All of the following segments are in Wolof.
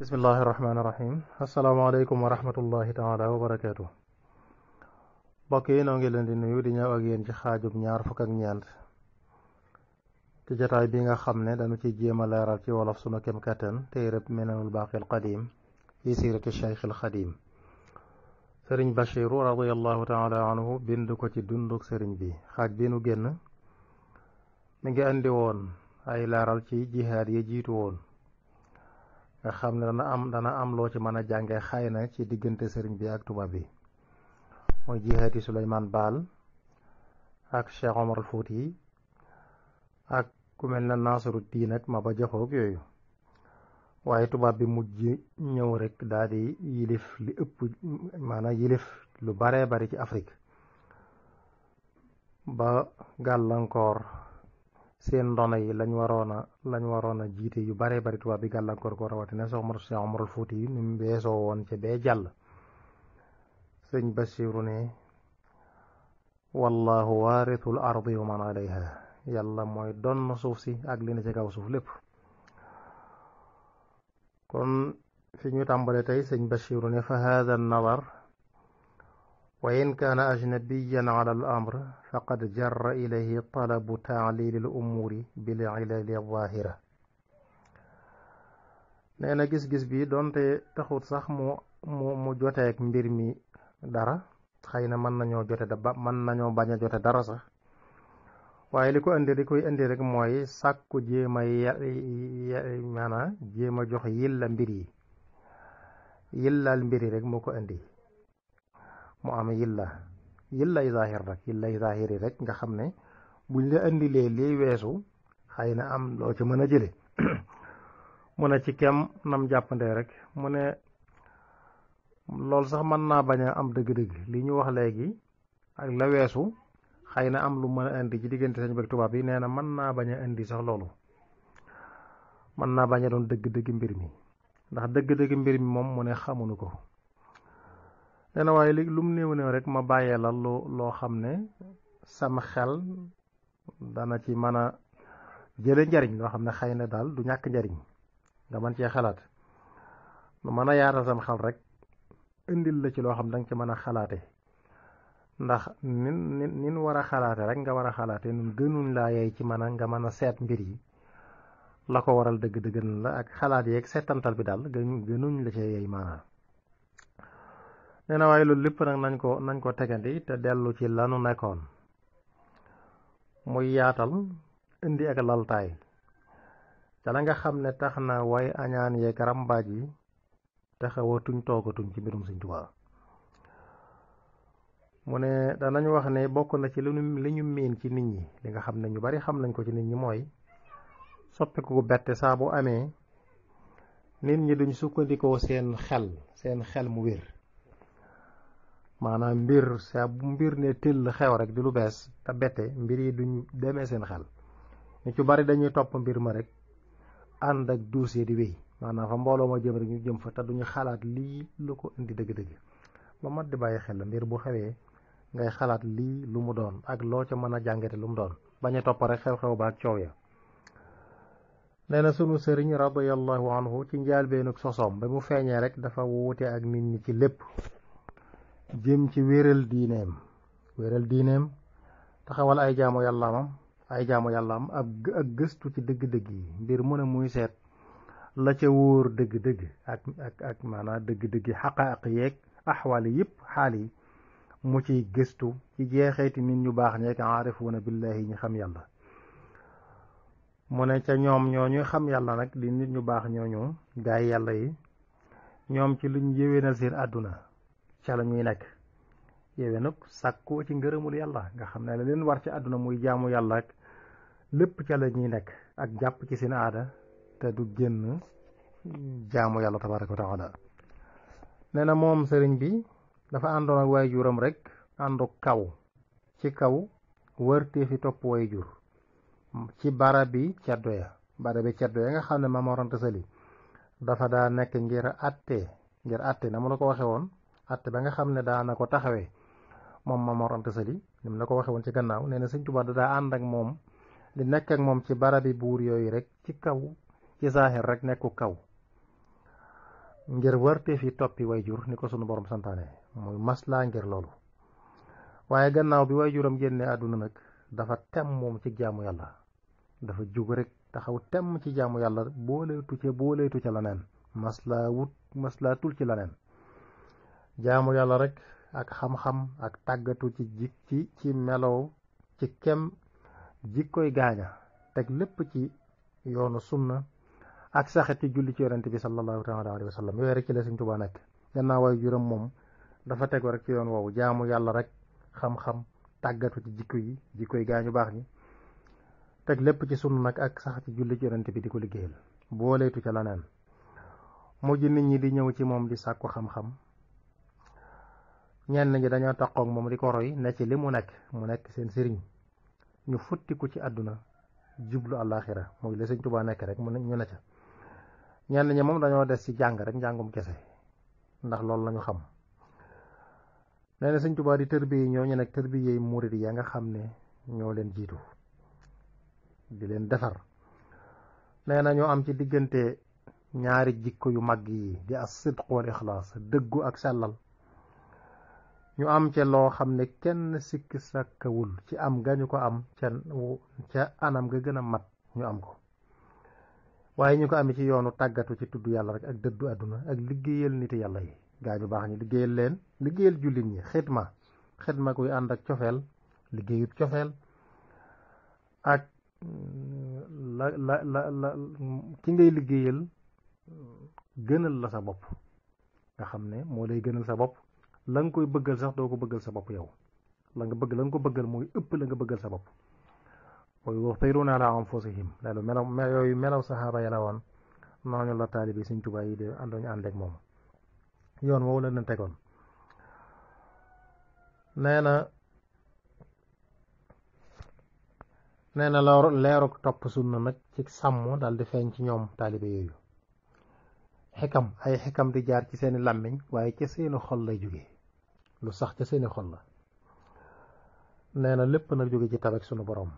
bismillahi rahmaani rahim wa barakaatu mbokk yi noo ngi leen di nuyu di ñaw ak yéen ci xaajub ñaar fukk ak ñeent ci bi nga xam ne dañu ci jéem a leeral ci wolof sunu kem kattan téereb minanul baaqil qadim fi siirati cheikhil xadim sëriñ bachiru radiallahu taala anhu ko ci dunduk sëriñ bi xaaj bi nu génn mi ngi andi woon ay leeral ci jihaad yi jiitu woon nga xam ne dana am dana am loo ci mën a jànge xay na ci diggante sëriñ bi ak tubaab bi mooy jihaati Souleymane Baal ak Cheikh Omar al Fouti ak ku mel na Nasiru Diin ak Maba Jaxoog yooyu waaye tubaab bi mujj ñëw rek daal di yilif li ëpp maanaam yilif lu baree bari ci Afrique ba gàllankoor seen ndono yi lañ waroon a lañ waroon a jiite yu baree bari tubaab bi gàllankoor ko rawatina Seex Umar Seex Umarul Fuuti yi ni mu beesoo woon ca bee jàll sëñ Basiiru ne wallahu waarithul ardi wa man alayha yàlla mooy suuf si ak li na ci kaw suuf lépp kon fi ñu tàmbale tey sëñ Basiiru ne fa haada an wa in kaana ajnabiyan ala al amr faqad jarra ilayhi talabu taalili l umuuri bil ilali zaahira nee na gis-gis bi doonte taxut sax mu mu mu joteek mbir mi dara xëy na mën nañoo jote mën nañoo bañ a jote dara sax waaye li ko indi li indi rek mooy sàkku jéem a maanaam jéem a jox yilla mbir yi yillaal mbir yi rek moo ko indi mu am yilla yillay zaahir rek yillay zaahir yi rek nga xam ne buñ la indilee liy weesu xëy na am loo ci mën a jële mu ne ci kem nam jàppandee rek mu ne loolu sax mën naa bañ a am dëgg-dëgg li ñu wax léegi ak la weesu xëy na am lu mën a indi ci diggante sañ bëgg tubaab yi nee na mën naa bañ a indi sax loolu mën naa bañ a doon dëgg-dëgg mbir mi ndax dëgg-dëgg mbir mi moom mu ne xamuñu ko nee waaye léegi lu mu néew néew rek ma bàyyee la loo loo xam ne sama xel dana ci mën a jële njariñ loo xam ne xëy na daal du ñàkk njariñ nga mën cee xalaat lu mën a yaatal sam xel rek indil la ci loo xam danga ci mën a xalaate ndax nin nin nin war a xalaate rek nga war a xalaate nun gënuñ laa yey ci mën a nga mën a seet mbir yi la ko waral dëgg-dëggan la ak xalaat yeeg seetantal bi daal gënuñ la ci yey maanaam nee na waaye loolu lépp nag nañ ko nañ ko tegandi te dellu ci lanu nekkoon muy yaatal indi ak laltaay ca la nga xam ne tax na way añaan yeeg rambaaj yi taxawatuñ toogatuñ ci mbirum Sëñ Tuubaa mu ne nañu wax ne bokk na ci li ñu li ñu miin ci nit ñi li nga xam ne ñu bari xam nañ ko ci nit ñi mooy soppiku gu bette saa bu amee nit ñi duñ sukkandikoo seen xel seen xel mu wér maanaam mbir saa bu mbir ne tëll xew rek di lu bees te bette mbir yi duñu demee seen xel ñu ci bari dañuy topp mbir ma rek ànd ak dossier di wéy maanaam fa mbooloo ma jëm rek ñu jëm fa te duñu xalaat lii lu ko indi dëgg-dëgg lu mat di bàyyi xel la mbir bu xewee ngay xalaat lii lu mu doon ak loo ca mën a jàngate lu mu doon ba a topp rek xew-xew ba ak coow ya nee na sunu sëriñ radiyallahu anhu ci njaal bee njaalbeenug sosoom ba mu feeñee rek dafa wuute ak nit ñi ci lépp jëm ci wéeral diineem wéeral diineem taxawal ay jaamu yàllaamam ay jaamu yàlla am ab gëstu ci dëgg-dëgg yi mbir mën a muy seet la ci wóor dëgg-dëgg ak ak ak maanaam dëgg-dëgg yi xaqaaq yeeg axwaal yépp yëpp yi mu ciy gëstu ci jeexeeti nit ñu baax ñeek aarifuuna billahi ñi xam yàlla mu ne ca ñoom ñuy xam yàlla nag di nit ñu baax ñooñu gaay yàlla yi ñoom ci luñ yéwénal seen àdduna ca la ñuy nekk yéwé nag sàkkoo ci ngërëmul yàlla nga xam ne la leen war ci àdduna muy jaamu yàlla ak lépp ca la ñuy nekk ak jàpp ci seen aada te du gën jaamu yàlla tabaraka wa taala nee na moom sëriñ bi dafa àndoon ak waay juram rek àndu kaw ci kaw wërtee fi topp way jur ci barabi ceddo ya barabi ceddo ya nga xam ne Maam Mor Anta dafa daa nekk ngir àtte ngir àtte na mu la ko waxe woon atte ba nga xam ne daana ko taxawee moom Maam Mor Anta Sali mu la ko waxe woon ci gannaaw nee na sëñ Tuubaa daa ànd ak moom di nekk ak moom ci barabi buur yooyu rek ci kaw ci saaxir rek nekku kaw ngir warte fi toppi wayjur ni ko sunu borom santaane muy maslaa ngir loolu waaye gannaaw bi juram génne àdduna nag dafa tem moom ci jaamu yàlla dafa jóg rek taxaw tem ci jaamu yàlla booleetu ca booleetu ca la neen maslaa wut maslaa tul ci la jaamu yàlla rek ak xam-xam ak tàggatu ci jik ci ci melow ci kem jikkoy gaaña teg lépp ci yoonu sunna ak saxe ci julli ci yonente bi sallallahu taala alayhi wa sallam yooyu rek ci la Sëriñ Tuubaa nekk gannaaw waaye juróom moom dafa tegoo rek ci yoon woowu jaamu yàlla rek xam-xam tàggatu ci jikko yi jikkoy gaañu baax ñi teg lépp ci sunna nag ak sax julli ci yonente bi di ko liggéeyal booleetu ca leneen mujj nit ñi di ñëw ci moom di sàkku xam-xam ñenn ñi dañoo taqoog moom di ko roy ne li mu nekk mu nekk seen sëriñ ñu futtiku ci àdduna jublu àllaaxira mooy la sëñ Tuubaa nekk rek mu ñu ne ca ñenn ñi moom dañoo des ci jàng rek njàngum kese ndax loolu lañu xam nee na sëñ Tuubaa di tërbiye ñoo ñu nekk tërbiye murid ya nga xam ne ñoo leen jiitu di leen defar nee na ñoo am ci diggante ñaari jikko yu mag yi di as sidq wal dëggu ak sellal ñu am ca loo xam ne kenn sikk sàkkawul ci am ga ñu ko am ca anam ga gën a mat ñu am ko waaye ñu ko amee ci yoonu tàggatu ci tudd yàlla rek ak dëddu àdduna ak liggéeyal nit yàlla yi gaa ñu baax ñu liggéeyal leen liggéeyal jullit ñi xidma xidma kuy ànd ak cofeel liggéeyub cofeel ak mm, la la la la ki ngay liggéeyal gënal la sa bopp nga xam ne moo lay gënal sa bopp la koy bëggal sax doo ko bëggal sa bopp yow la nga bëgg la ko bëggal mooy ëpp la nga bëggal sa bopp mooy yu'thiruuna alaa anfusihim loolu melaw yooyu melaw saxaaba ya la woon noonu la taalibi Sëñ Tuubaa yi de àndoñu ànd ak moom yoon woowu la leen tegoon nee na nee na leeruk topp sunna nag ci sàmm daal di feeñ ci ñoom taalibe yooyu xikam ay xikam di jaar ci seeni làmmiñ waaye ca seeni xol lay jóge lu sax ca seeni xol la nee na lépp nag jóge ci tabak sunu borom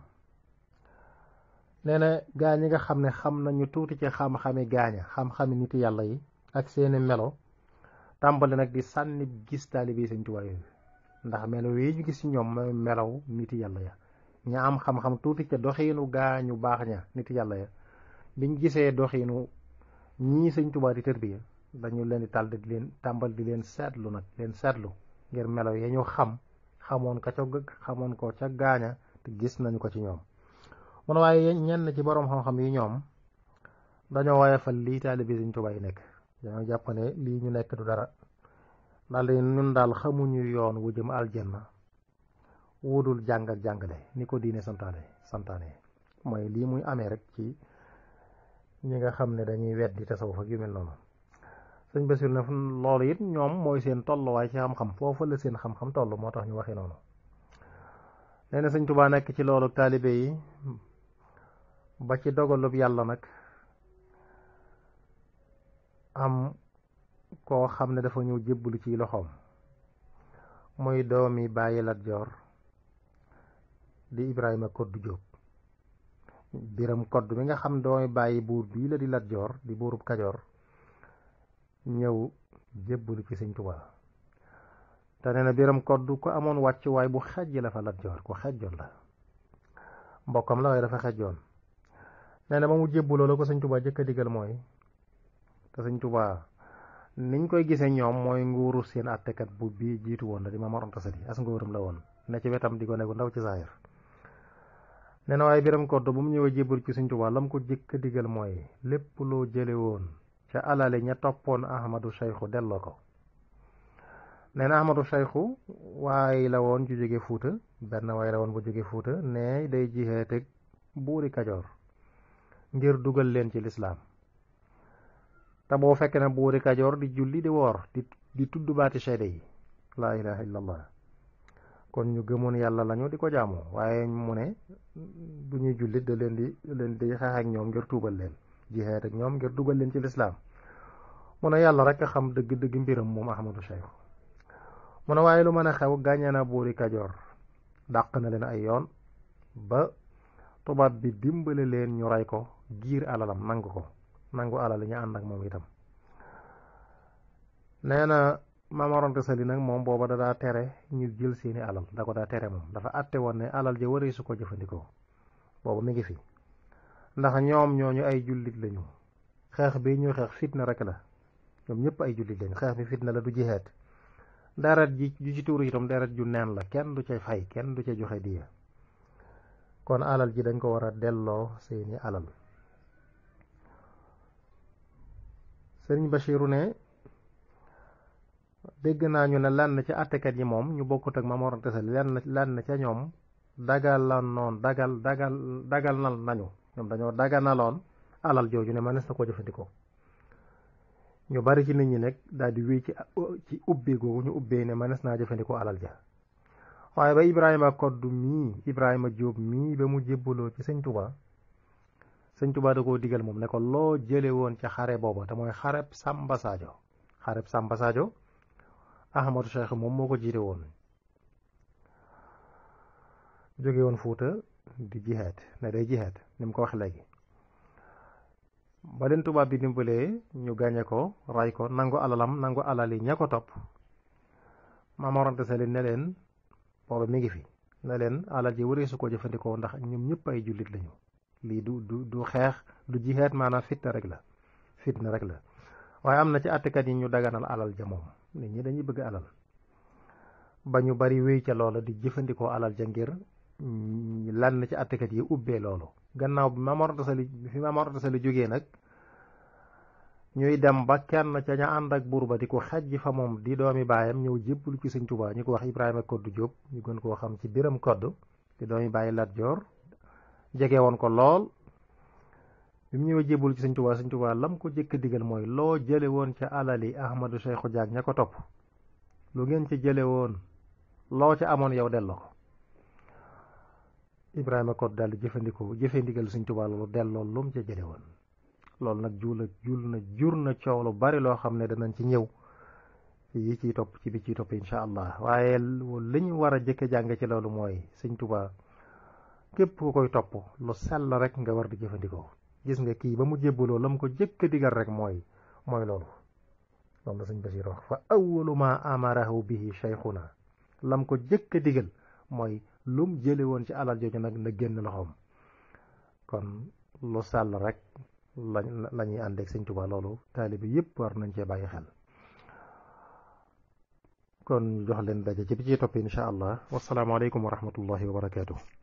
nee na gaa ñi nga xam ne xam nañu tuuti ci xam-xami gaaña xam-xami niti yàlla yi ak seeni melo tàmbali nag di sànni gis taalibe Sëñ Tuubaa yooyu ndax melo yi ñu gis ci ñoom mooy melaw niti yàlla ya ña am xam-xam tuuti ca doxiinu gaañu baax ña niti yàlla ya biñ gisee doxiinu ñii sëñ Tuubaa di tërbiya dañu leen di tàll di leen tàmbal di leen seetlu nag leen seetlu ngir melaw ya ñu xam xamoon ka ca xamoon ko ca gaaña te gis nañu ko ci ñoom mun waaye ñenn ci boroom xam-xam yi ñoom dañoo woyefal lii taalibe sañ Tuubaa yi nekk dañoo jàpp lii ñu nekk du dara daal di ñun daal xamuñu yoon wu jëm aljanna wudul jàng ak jàngale ni ko diine santaane santaane mooy lii muy amee rek ci ñi nga xam ne dañuy weddi tasawuf ak yu mel noonu sëñ Basiir ne loolu it ñoom mooy seen tolluwaay ci xam-xam foofu la seen xam-xam toll moo tax ñu waxee noonu nee na sëñ Tuubaa nekk ci loolu taalibe yi ba ci dogalub yàlla nag am koo xam ne dafa ñëw jébbalu ci loxoom muy doomi bàyyi Lat Joor di Ibrahima Koddu Jóob biram kodd mi nga xam dooy bàyyi buur bii la di Lat Joor di buurub Kajoor ñëw jébbalu ci Sëñ Tuubaa te nee na biram kodd ko amoon wàccuwaay bu xejj la fa Lat Joor ku xejjoon la mbokkam la waaye dafa xejjoon nee na ba mu jébbaloo la ko Sëñ Tuubaa jëkk a digal mooy te Sëñ Tuubaa niñ koy gisee ñoom mooy nguuru seen àttekat bu bii jiitu woon la di ma Mor Anta Sali as nguuram la woon ne ci wetam di ko ne ndaw ci saayir nee waaye biram koddo bu mu ñëwee jébbalu ci Sëñ Tuubaa lam ko jëkk digal mooy lépp loo jële woon ca alali ña toppoon ahmadu Cheikhu delloo ko nee na ahmadu Cheikhu waay la woon ju jóge fuuta benn waay la woon bu jóge fuuta ne day jihaat ak buuri kajoor ngir dugal leen ci lislaam te boo fekkee ne buuri kajoor di julli di woor di di tudd baati seede yi laa ilaha illallah kon ñu gëmoon yàlla lañu di ko jaamu waaye mu ne du ñuy jullit da leen di leen di xeex ñoom ngir tuubal leen jihaad ak ñoom ngir dugal leen ci lislaam mu ne yàlla rek a xam dëgg dëgg mbiram moom Ahmadu Cheikh mu ne waaye lu mën a xew gàññee na buuri Kajoor dàq na leen ay yoon ba tubaab bi dimbale leen ñu rey ko giir alalam nangu ko nangu alal yi ñu ànd ak moom itam nee maamaroonte sali nag moom booba da daa tere ñu jël seeni alal da ko daa tere moom dafa àtte woon ne alal ja waree su ko jëfandikoo booba mi ngi fi ndax ñoom ñooñu ay jullit lañu xeex bi ñuy xeex fitna rek la ñoom ñëpp ay jullit lañu xeex bi fitna la du jeexeet deret ji ju ci tuuru itam deret ju neen la kenn du ca fay kenn du ca joxe diya kon alal ji dañ ko war a delloo seeni alal sëriñ Bachiru ne dégg naa ñu ne lenn ci àttekat yi moom ñu bokkut ak Maam Mor Anta Sali lenn lenn ca ñoom dagalanoon dagal dagal daganal nañu ñoom dañoo daganaloon alal jooju ne mënees na koo jëfandikoo ñu bari ci nit ñi nekk daal di wéy ci ci ubbi googu ñu ubbee ne mënees naa jëfandikoo alal ja waaye ba Ibrahima Koddu mii Ibrahima Jóob mii ba mu jébbaloo ci Sëñ Tuubaa Sëñ Tuubaa da koo digal moom ne ko loo jële woon ca xare booba te mooy xareb Sàmba Saajo xareb Sàmba Ahmadou Cheikh moom moo ko jiite woon jógewoon woon di jihaad ne day jihaad ni ko wax léegi ba leen tubaab bi dimbalee ñu gàññe ko ray ko nangu alalam nangu alal yi ña ko topp maamorante sa li ne leen booba mi ngi fi ne leen alal ji waree su ko jëfandikoo ndax ñoom ñëpp ay jullit lañu lii du du du xeex du jihaad maanaam fitna rek la na rek la waaye am na ci àttekat yi ñu daganal alal ja nit ñi dañuy bëgg alal ba ñu bari wéy ca loola di jëfandikoo alal ja ngir mm, lan na ci àttekat yi ubbee loolu gannaaw bi Maam Mor bi fi Maam Mor Anta nag ñuy dem ba kenn ca ña ànd ak buur ba di ko xajji fa moom di doomi baayam ñëw jébbul ci Sëñ Tuubaa ñu ko wax Ibrahima Koddu Jóob ñu gën koo xam ci Biram Koddu di doomi bàyyi Lat Joor jege woon ko lool bi mu ñëwee jébbalu ci sëñ tubaa sëñ tubaa lam ko jëkk digal mooy loo jële woon ca alali ahmadu seexu jaag ña ko topp lu ngeen ci jële woon loo ca amoon yow delloo ko ibrahima kot daldi jëfandikoo jëfe ndigal sëñ tubaa loolu delloo lu mu ca jële woon loolu nag jula jul nag jur na coow lu bari loo xam ne danañ ci ñëw yi ciy topp ci bi ciy topp incha allah waaye li ñu war a jëkk jàng ci loolu mooy sëñ tubaa képp ku koy topp lu sell rek nga war di jëfandikoo gis nga kii ba mu jébbaloo lam mu ko jëkk a digal rek mooy mooy loolu loolu la sëñ Basiir wax fa awwalu maa amarahu bihi cheikhuna lam ko jëkk a digal mooy lum jële woon ci alal jooju nag na génn loxoom kon lu sàll rek la ñuy àndeek sëñ Tuubaa loolu taalibi yépp war nañ cee bàyyi xel kon jox leen daje ci bi ci topp incha allah wasalaamaaleykum wa rahmatullahi wa